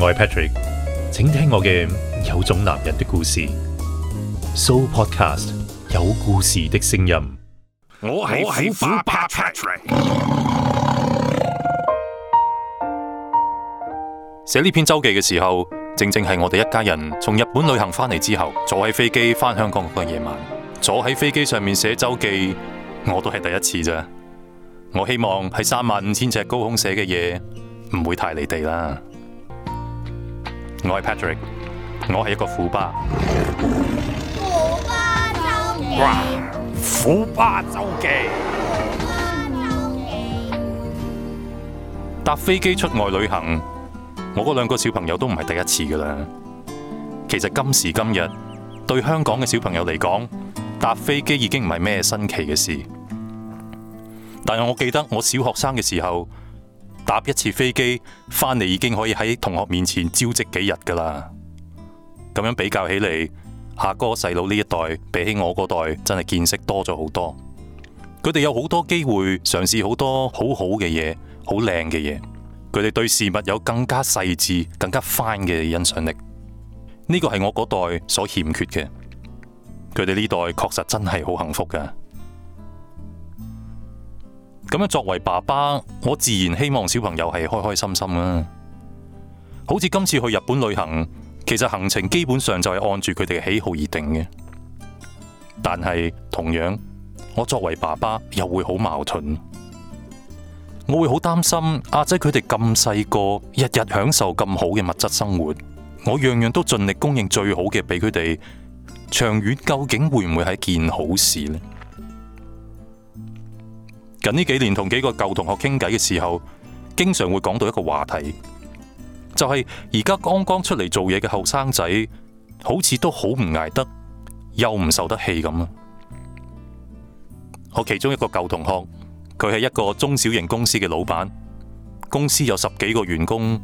我係 Patrick，請聽我嘅有種男人的故事。So Podcast 有故事的聲音。我係小巴 Patrick。寫呢 篇周記嘅時候，正正係我哋一家人從日本旅行翻嚟之後，坐喺飛機翻香港嗰個夜晚，坐喺飛機上面寫周記，我都係第一次啫。我希望喺三萬五千尺高空寫嘅嘢，唔會太離地啦。我係 Patrick，我係一個虎爸。虎爸周記，搭飛機出外旅行，我嗰兩個小朋友都唔係第一次噶啦。其實今時今日，對香港嘅小朋友嚟講，搭飛機已經唔係咩新奇嘅事。但係我記得我小學生嘅時候。搭一次飛機返嚟已經可以喺同學面前招積幾日㗎啦！咁樣比較起嚟，阿哥細佬呢一代比起我嗰代真係見識多咗好多。佢哋有好多機會嘗試好多好好嘅嘢，好靚嘅嘢。佢哋對事物有更加細緻、更加 fine 嘅欣賞力。呢個係我嗰代所欠缺嘅。佢哋呢代確實真係好幸福㗎。咁樣，作為爸爸，我自然希望小朋友係開開心心啦。好似今次去日本旅行，其實行程基本上就係按住佢哋嘅喜好而定嘅。但係同樣，我作為爸爸又會好矛盾。我會好擔心阿仔佢哋咁細個，日日享受咁好嘅物質生活，我樣樣都盡力供應最好嘅俾佢哋，長遠究竟會唔會係一件好事呢？近呢幾年同幾個舊同學傾偈嘅時候，經常會講到一個話題，就係而家剛剛出嚟做嘢嘅後生仔，好似都好唔捱得，又唔受得氣咁啦。我其中一個舊同學，佢係一個中小型公司嘅老闆，公司有十幾個員工，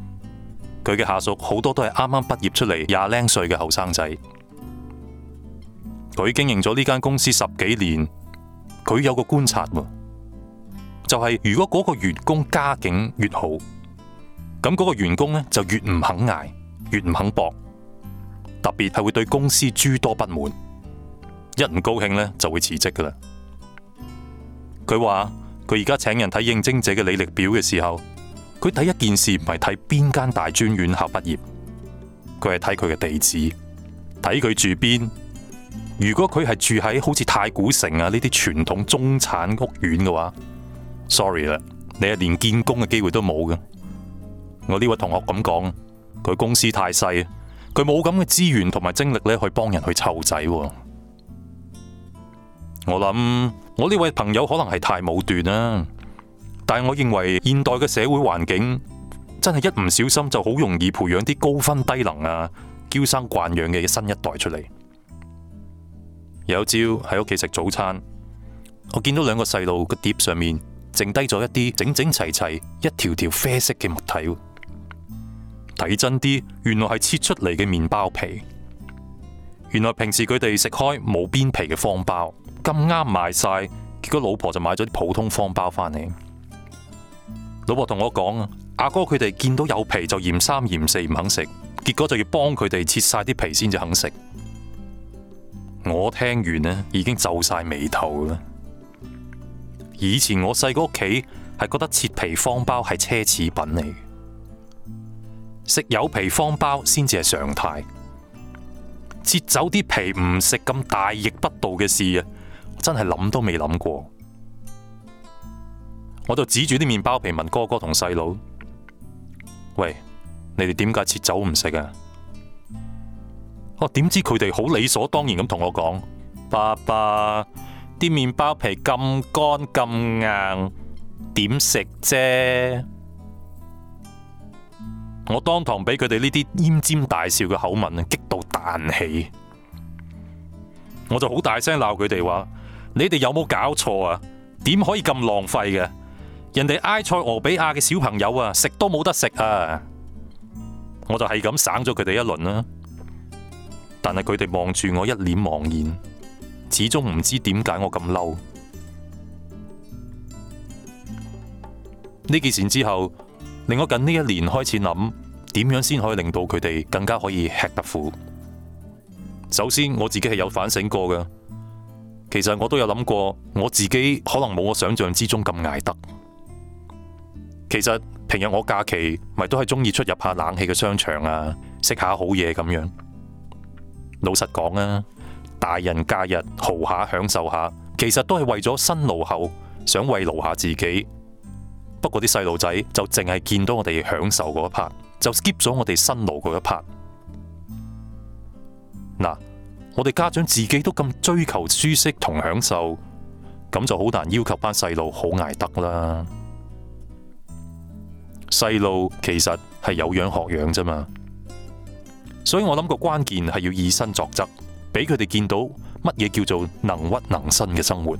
佢嘅下屬好多都係啱啱畢業出嚟廿零歲嘅後生仔。佢經營咗呢間公司十幾年，佢有個觀察。就係如果嗰個員工家境越好，咁嗰個員工呢就越唔肯挨，越唔肯搏，特別係會對公司諸多不滿。一唔高興呢就會辭職噶啦。佢話佢而家請人睇應徵者嘅履歷表嘅時候，佢第一件事唔係睇邊間大專院校畢業，佢係睇佢嘅地址，睇佢住邊。如果佢係住喺好似太古城啊呢啲傳統中產屋苑嘅話。Sorry 啦，你係連見工嘅機會都冇嘅。我呢位同學咁講，佢公司太細，佢冇咁嘅資源同埋精力咧，去幫人去湊仔。我諗我呢位朋友可能係太武斷啦，但係我認為現代嘅社會環境真係一唔小心就好容易培養啲高分低能啊嬌生慣養嘅新一代出嚟。有朝喺屋企食早餐，我見到兩個細路嘅碟上面。剩低咗一啲整整齊齊一條條啡色嘅物體，睇真啲，原來係切出嚟嘅麵包皮。原來平時佢哋食開冇邊皮嘅方包，咁啱賣晒，結果老婆就買咗啲普通方包返嚟。老婆同我講啊，阿哥佢哋見到有皮就嫌三嫌四唔肯食，結果就要幫佢哋切晒啲皮先至肯食。我聽完咧，已經皺晒眉頭啦。以前我細個屋企係覺得切皮方包係奢侈品嚟，食有皮方包先至係常態。切走啲皮唔食咁大逆不道嘅事啊！我真係諗都未諗過，我就指住啲麵包皮問哥哥同細佬：喂，你哋點解切走唔食啊？我點知佢哋好理所當然咁同我講，爸爸。啲麵包皮咁乾咁硬，點食啫？我當堂俾佢哋呢啲奄尖大笑嘅口吻激到彈起，我就好大聲鬧佢哋話：你哋有冇搞錯啊？點可以咁浪費嘅？人哋埃塞俄比亞嘅小朋友啊，食都冇得食啊！我就係咁省咗佢哋一輪啦，但係佢哋望住我一臉茫然。始終唔知點解我咁嬲。呢件事之後，令我近呢一年開始諗點樣先可以令到佢哋更加可以吃得苦。首先我自己係有反省過嘅，其實我都有諗過我自己可能冇我想象之中咁捱得。其實平日我假期咪都係鍾意出入下冷氣嘅商場啊，食下好嘢咁樣。老實講啊。大人假日豪下享受下，其實都係為咗辛勞後想慰勞下自己。不過啲細路仔就淨係見到我哋享受嗰一 part，就 skip 咗我哋辛勞嗰一 part。嗱，我哋家長自己都咁追求舒適同享受，咁就好難要求班細路好捱得啦。細路其實係有樣學樣啫嘛，所以我諗個關鍵係要以身作則。俾佢哋見到乜嘢叫做能屈能伸嘅生活。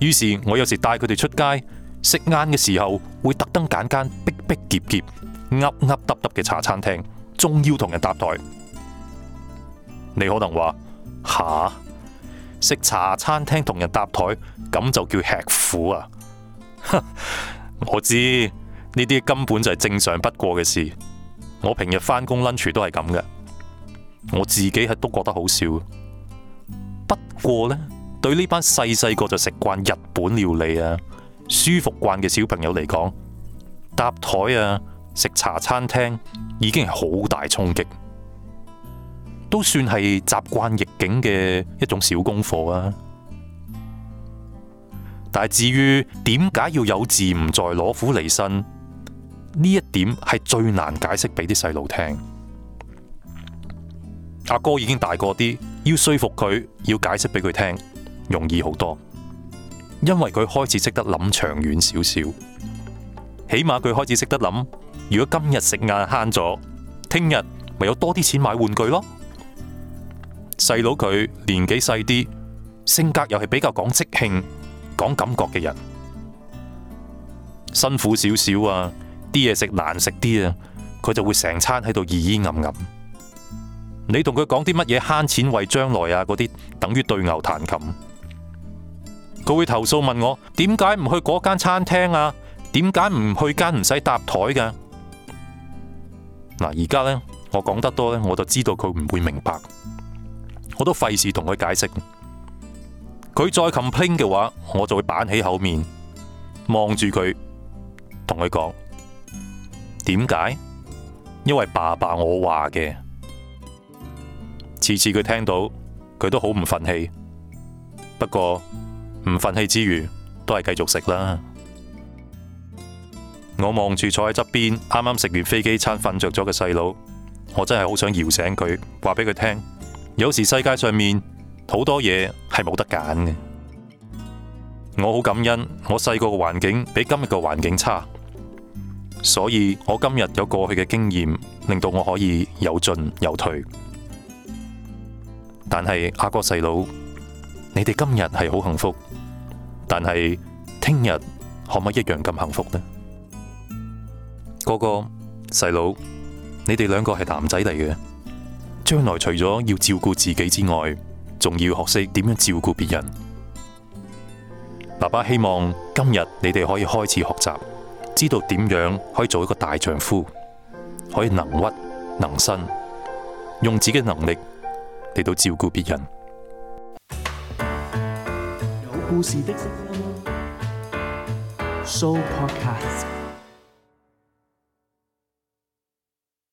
於是，我有時帶佢哋出街食晏嘅時候會，會特登揀間逼逼結結、凹凹耷耷嘅茶餐廳，仲要同人搭台。 你可能話吓食茶餐廳同人搭台咁就叫吃苦啊？ 我知呢啲根本就係正常不過嘅事。我平日返工 lunch 都係咁嘅。我自己係都覺得好笑，不過呢，對呢班細細個就食慣日本料理啊、舒服慣嘅小朋友嚟講，搭台啊、食茶餐廳已經係好大衝擊，都算係習慣逆境嘅一種小功課啊。但係至於點解要有志唔再攞苦嚟辛，呢一點係最難解釋俾啲細路聽。阿哥已經大個啲，要說服佢，要解釋俾佢聽，容易好多，因為佢開始識得諗長遠少少，起碼佢開始識得諗，如果今日食晏慳咗，聽日咪有多啲錢買玩具咯。細佬佢年紀細啲，性格又係比較講即興、講感覺嘅人，辛苦少少啊，啲嘢食難食啲啊，佢就會成餐喺度咿咿噏噏。你同佢講啲乜嘢慳錢為將來啊？嗰啲等於對牛彈琴。佢會投訴，問我點解唔去嗰間餐廳啊？點解唔去間唔使搭台㗎啊？嗱，而家呢，我講得多呢，我就知道佢唔會明白，我都費事同佢解釋。佢再 complain 嘅話，我就會板起口面望住佢，同佢講，點解？因為爸爸我話嘅。次次佢聽到，佢都好唔忿氣。不過唔忿氣之餘，都係繼續食啦。我望住坐喺側邊，啱啱食完飛機餐瞓着咗嘅細佬，我真係好想搖醒佢，話俾佢聽。有時世界上面好多嘢係冇得揀嘅。我好感恩，我細個嘅環境比今日嘅環境差，所以我今日有過去嘅經驗，令到我可以有進有退。但係阿哥細佬，你哋今日係好幸福，但係聽日可唔可以一樣咁幸福呢？哥哥細佬，你哋兩個係男仔嚟嘅，將來除咗要照顧自己之外，仲要學識點樣照顧別人。爸爸希望今日你哋可以開始學習，知道點樣可以做一個大丈夫，可以能屈能伸，用自己嘅能力。嚟到照顧別人。